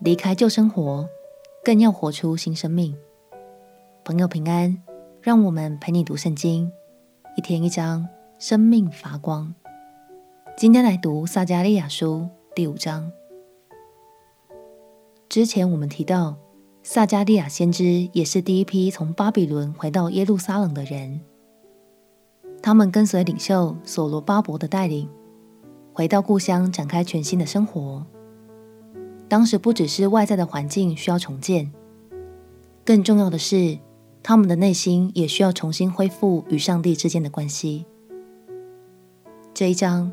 離開舊生活，更要活出新生命。朋友平安，讓我們陪你讀聖經，一天一章，生命發光。今天來讀撒迦利亞書第五章。之前我們提到，撒迦利亞先知也是第一批從巴比倫回到耶路撒冷的人。他們跟隨領袖所羅巴伯的帶領，回到故鄉，展開全新的生活。當時不只是外在的環境需要重建，更重要的是，他們的內心也需要重新恢復與上帝之間的關係。這一章，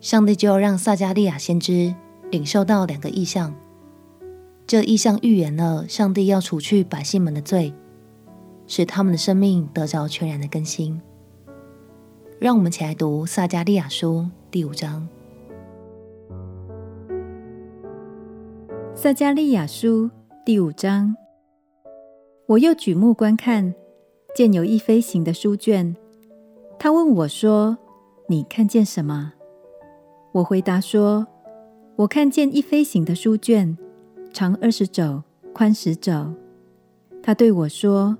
上帝就要讓撒迦利亞先知領受到兩個異象，這異象預言了上帝要除去百姓們的罪，使他們的生命得着全然的更新。讓我們一起來讀撒迦利亞書第五章。《撒迦利亞書》第五章，我又舉目觀看，見有一飛行的書卷。他問我說：“你看見什麼？”我回答說：“我看見一飛行的書卷，長二十肘，寬十肘。”他對我說：“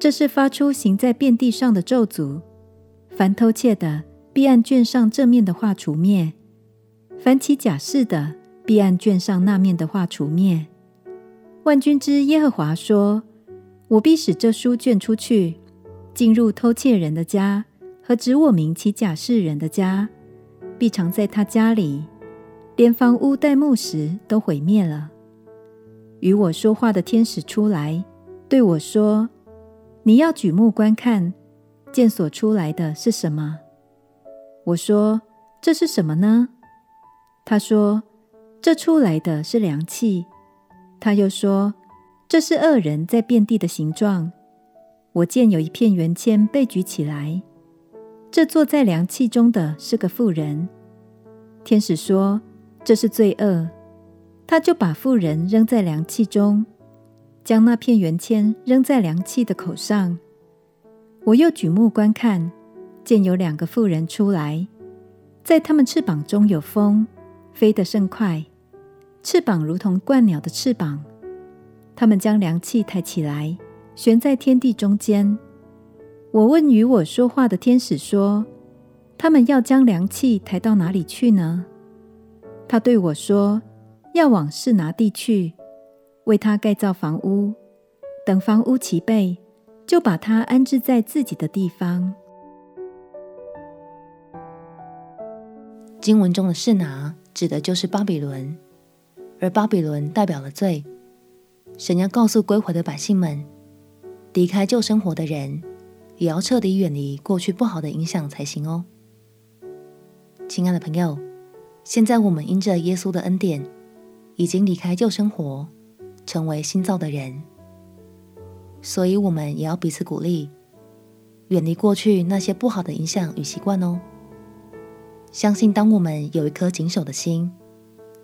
這是發出行在遍地上的咒詛，凡偷竊的，必按卷上正面的話除滅；凡起假誓的，”必按卷上那面的話除滅。萬軍之耶和華說：“我必使這書卷出去，進入偷竊人的家和指我名起假誓人的家，必常在他家裡，連房屋帶木石都毀滅了。”與我說話的天使出來對我說：“你要舉目觀看，見所出來的是什麼？”我說：“這是什麼呢？”他說。這出來的是量器，他又說：“這是惡人在遍地的形狀。”我見有一片圓鉛被舉起來，這坐在量器中的是個婦人。天使說：“這是罪惡。”他就把婦人扔在量器中，將那片圓鉛扔在量器的口上。我又舉目觀看，見有兩個婦人出來，在他們翅膀中有風，飛得甚快。翅膀如同鸛鳥的翅膀，他們將量器抬起來，懸在天地中間。我問與我說話的天使說：“他們要將量器抬到哪裡去呢？”他對我說：“要往示拿地去，為他蓋造房屋。等房屋齊備，就把他安置在自己的地方。”經文中的示拿指的就是巴比倫。而巴比倫代表了罪，神要告訴歸回的百姓們，離開舊生活的人，也要徹底遠離過去不好的影響才行哦。親愛的朋友，現在我們因着耶穌的恩典，已經離開舊生活，成為新造的人，所以我們也要彼此鼓勵，遠離過去那些不好的影響與習慣哦。相信當我們有一顆謹守的心，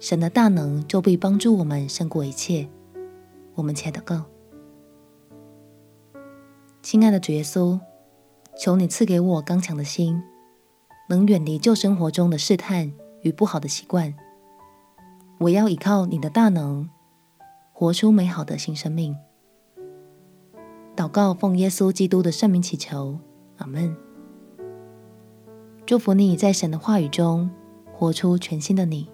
神的大能就必幫助我們勝過一切。我們且禱告：親愛的主耶穌，求你賜給我剛強的心，能遠離舊生活中的試探與不好的習慣。我要依靠你的大能，活出美好的新生命。禱告奉耶穌基督的聖名祈求，阿門。祝福你在神的話語中活出全新的你。